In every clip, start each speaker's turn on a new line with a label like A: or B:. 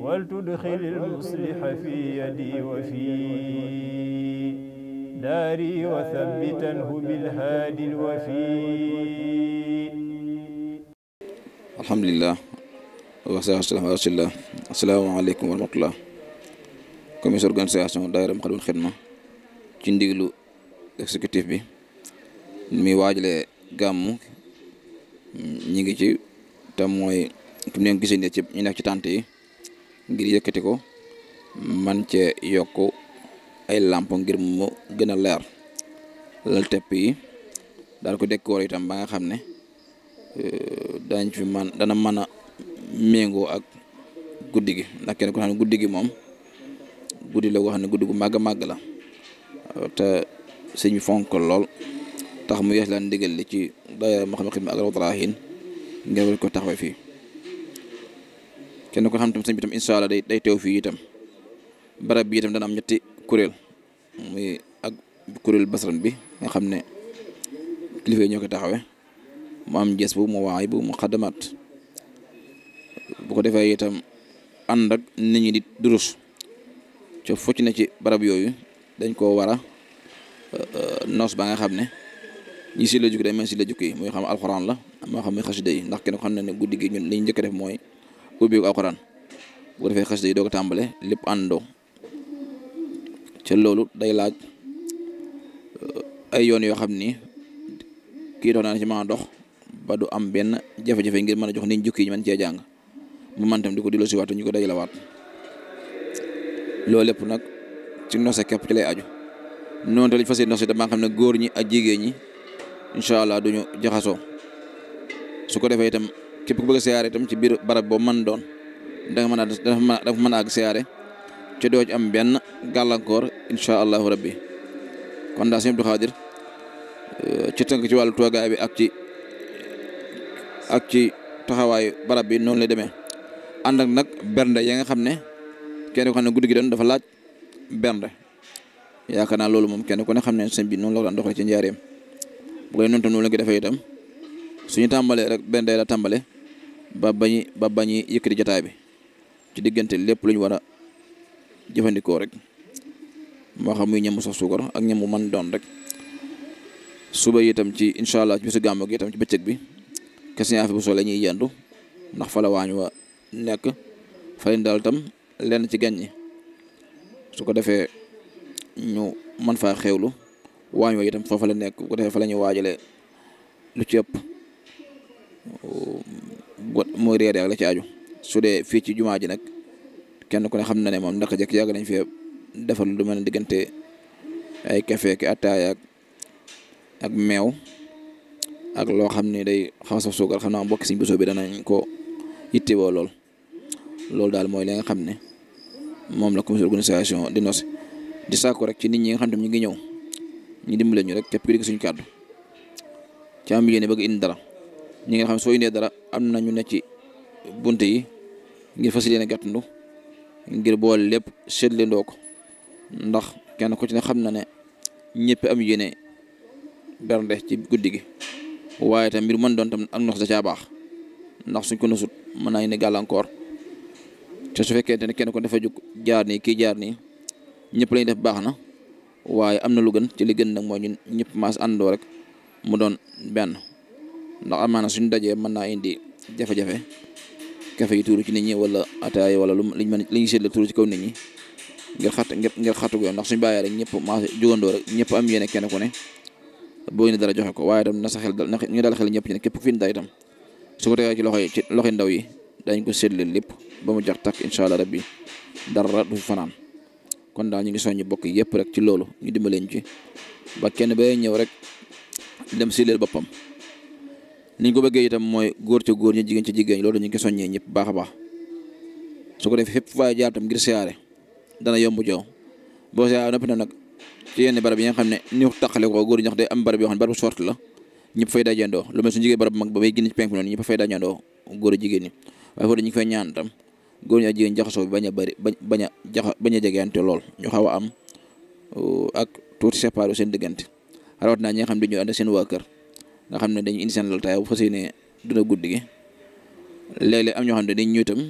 A: ولتدخل المصلح في يدي وفي داري وثبتنه بالهادي الوفي الحمد لله wasalaamaaleykum asalaamaaleykum wa rahmatulah commission organisation daayira Moukhaddamatoul Khidma ci ndiglu exécutif bi mi waajalee gàmmu ñi ngi ci te mooy ki ngeen gisee ne ci ñu nekk ci tànt yi ngir yëkkati ko man cee yokk ay làmp ngir mu gën a leer lal tepp yi daal ko décorer itam ba nga xam ne euh, dañ fi man dana mën a méngoo ak guddi gi ndax kenn ko xam guddi gi moom guddi la wax xam ne guddi gu màgg a màgg la te sëñ fonk lool tax mu yees laan ndigal li ci daayira Moukhaddamatoul Khidma ak Rawdu-r-Rayahin ngir ko taxawee fii kenn ko xam tam sëñ bi tam incha allah day day fii itam barab bi itam dana am ñetti kuréel muy ak kuréel basran bi nga xam ne kilifa yi ñoo ko taxawee mu am jees bu mu waay bu mu xadamaat bu ko defee itam ànd ak nit ñi di durus ci focc na ci barab yooyu dañ koo war a euh, noos ba nga xam ne ñi si la jukki day mel si jukki muy xam alxuraan la moo xam ne xasida yi ndax kenn ko xam ne ne guddi gi ñun li ñu njëkk def mooy ubbeeku alquran bu defee xasida yi doo ko tàmbale lépp àndoo ca loolu day laaj ay yoon yoo xam ni kii dox naa ci mën dox ba du am benn jafe-jafe ngir mën a jox nit jukki ñu mën cee jàng mu man tam di ko delloosi waat ñu ko dajalawaat loolu lépp nag ci nose képp ci lay aju noonu te lañ ndox yéene nose damaa xam ne góor ñi ak jigéen ñi incha allah duñu jaxasoo su ko defee itam képp ku bëgg a siyaare ci biir barab boobu mën doon danga mën a dafa mën a àgg siyaare ci doo ci am benn gàllankoor incha allahu rabbi kon daa sëñ Abdou eh, ci tënk ci wàllu toogaay bi ak ci ak ci taxawaayu barab bi noonu lay demee ànd ak nag bernde ya nga xam ne kenn ko xam ne guddi gi doon dafa laaj bernde yaakaar loolu moom kenn ku ne xam ne sëñ bi noonu la ko daan ci njaareem bu ko noonu tam noonu la ko defee itam suñu tàmbalee rek bernde la tàmbale ba bañi ba bañi yëkkati jotaay bi ci diggante lépp lu ñu war a jëfandikoo rek moo xam muy ñamu sax suukar ak ñamu man doon rek suba itam ci incha allah ci bisu gàmmu gi itam ci bëccëg bi kese ñaa fi bu soo la ñuy yendu ndax fa la waañ wa nekk fa lañ daal tam lenn ci gan ñi su ko defee ñu man faa xewlu waañ wa itam foofa la nekk bu ko defee fa la ñuy waajalee lu ci ëpp mooy réer ak la ci aju su dee fii ci jumaa ji nag kenn ku ne xam na ne moom ndax jëkk yàgg nañ fee defar lu mel ne diggante ay kafe ki attaaya ak ak meew ak loo xam ne day xaw a saf suukar xam naa mbokk siñ bisoo bi danañ ko yittewoo lool loolu daal mooy li xam ne moom la commission organisation di nos di sàkku rek ci nit ñi nga xam ne ñu ngi ñëw ñu dimbale ñu rek képp ku dégg suñu kàddu ci am yéene bëgg indi dara ñi nga xam soo indee dara am na ñu ne ci bunt yi ngir fas yéene gàttandu ngir boole lépp seetle ndoo ko ndax kenn ku ci ne xam na ne ñëpp am yéene bernde ci guddi gi waaye tam mbir mën doon tam ak nox da caa baax ndax suñ ko nosut mën naa ne gàllankoor te su fekkee ne kenn ko dafa jóg jaar nii kii jaar nii ñëpp lañu def baax na waaye am na lu gën ci li gën nag mooy ñun ñëpp maas àndoo rek mu doon benn ndax amaana suñ dajee mën naa indi jafe-jafe kafe yi tuuru ci nit ñi wala ataay wala lu liñ mën li ñu séddale tuuru ci kaw nit ñi ngir xat ngir xatu gu yoon ndax suñ bàyyee rek ñëpp maa jugandoo rek ñëpp am yéene kenn ku boo ne dara joxe ko waaye tam na sa xel dal ñu dal xel ñëpp ci ne képp fi ñu day itam su ko tegee ci loxo ci loxo ndaw yi dañ ko séddale lépp ba mu jax takk incha allah rabbi dara du fanaan kon daal ñu ngi soññu bokk yëpp rek ci loolu ñu dimbaleen ci ba kenn bay ñëw rek dem séddale boppam niñ ko bëggee itam mooy góor ci góor ñi jigéen ci jigéen loolu ñu ngi soññee ñëpp a baax su ko defee fépp waaye jaar tam ngir siyaare dana yomb jow boo siyaare noppi na nag ci yenn barab yi xam ne ni taqale ko góor ñax day am barab yoo ne barab sorte la ñëpp fay dajandoo lu mel suñu jigéen barab mag ba bay génn ci penk noonu ñëpp fay dajandoo góor jigéen ñi waaye foofu dañu fay ñaan tam góor ñi ak jigéen jaxasoo bañ a bëri bañ a jaxa bañ a jegeante lool ñu xaw a am uh, ak tuuti séparé seen diggante rawat naa ñi xam ne dañoo ànd seen waa kër nga xam ne dañu indi seen laltaay bu fa yéenee duna guddi gi léeg am ñoo xam ne dañ ñëw tam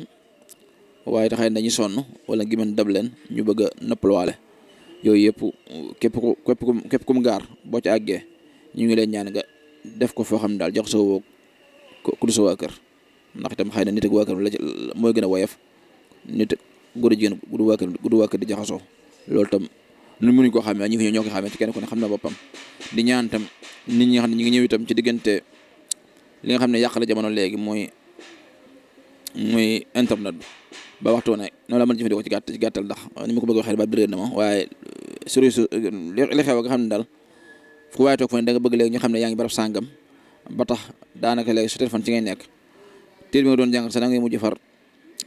A: waaye taxay dañu sonn wala ngi mën dab leen ñu bëgg a noppaluwaale yooyu yëpp képp ku képp ku képp ku mu gaar boo ci àggee ñu ngi leen ñaan ga def ko foo xam ne daal jox soo ku du sa waa kër ndax itam xëy na nit ak waa kër la mooy gën a woyof nit ak góor jigéen gudu waa kër gudu waa kër di jaxasoo loolu tam nu mënuñ koo xamee ñu fi ñoo ko xamee ci kenn ku xam na boppam di ñaan tam nit ñi nga xam ne ñu ngi ñëw itam ci diggante li nga xam ne yàq la jamono léegi mooy mooy internet bi ba waxtu ne noonu la mën a ci gàtt ci gàttal ndax ni ma ko bëgg waxee ba biréer na ma waaye suri su li xew nga xam ne daal fu waaye toog fa ne da nga bëgg léegi ñu xam ne yaa ngi barab sàngam ba tax daanaka léegi su téléphone ci ngay nekk téer bi nga doon jàngal sax na ngay mujj far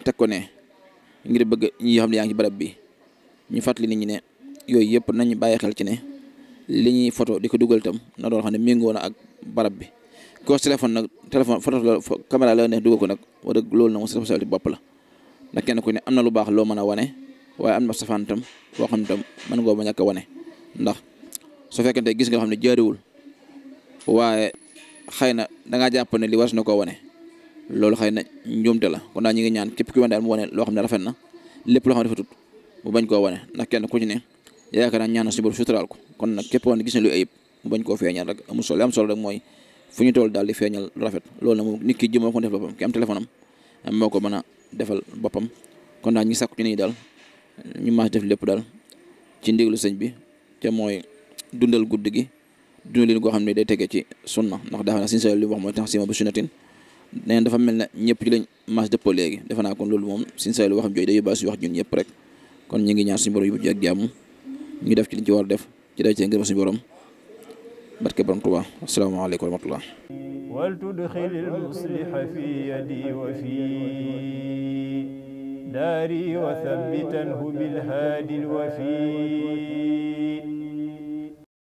A: teg ne ngir bëgg ñi xam ne yaa ngi barab bi ñu fàttali nit ñi ne yooyu yëpp nañu bàyyi xel ci ne li ñuy photo di ko dugal itam na doon xam ne méngoo na ak barab bi ko téléphone nag téléphone photo la caméra la dugal ko nag wax dëgg na nag moom sa responsabilité bopp la ndax kenn ku ne am na lu baax loo mën a wane waaye am na safaan tam boo xam ne tam mën ngoo ba ñàkk a ndax su fekkente gis nga xam ne jaariwul waaye na dangaa jàpp ne li war na koo wane loolu xëy na njuumte la kon ñu ngi ñaan képp ku wane daal mu loo xam ne rafet na lépp loo xam ne tut bu bañ koo wane ndax kenn ku ci ne yaakaar naa ñaanal suñu borom suturaal ko kon nag képp woon gis na lu ayib mu bañ koo feeñal rek amul solo am solo rek mooy fu ñu toll daal di feeñal rafet loolu nag moom nit ki jëmoo ko def boppam ki am moo ko mën a defal boppam kon daal ñu sàkku ci nii daal ñu maas def lépp daal ci ndiglu sëñ bi te mooy dundal guddi gi dundalin goo xam ne day tege ci sunna ndax dafa na siñ sal li wax mooy tax sima bu sunnatin neen dafa mel ne ñëpp ci lañ mas dëppoo léegi defe naa kon loolu moom sin saylu waxam jooy day yóbbaa suñu wax ñun ñëpp rek kon ñu ngi ñaan suñu borom yóbbu ci ak jàmm ñu ngi def ci liñ ci war def ci day ci ngërëm suñu borom barke borom Tuuba asalaamaaleykum wa rahmatullah wal tudxil al musliha fi yadi wa fi daari wa thabbitanhu bil haadi al wafi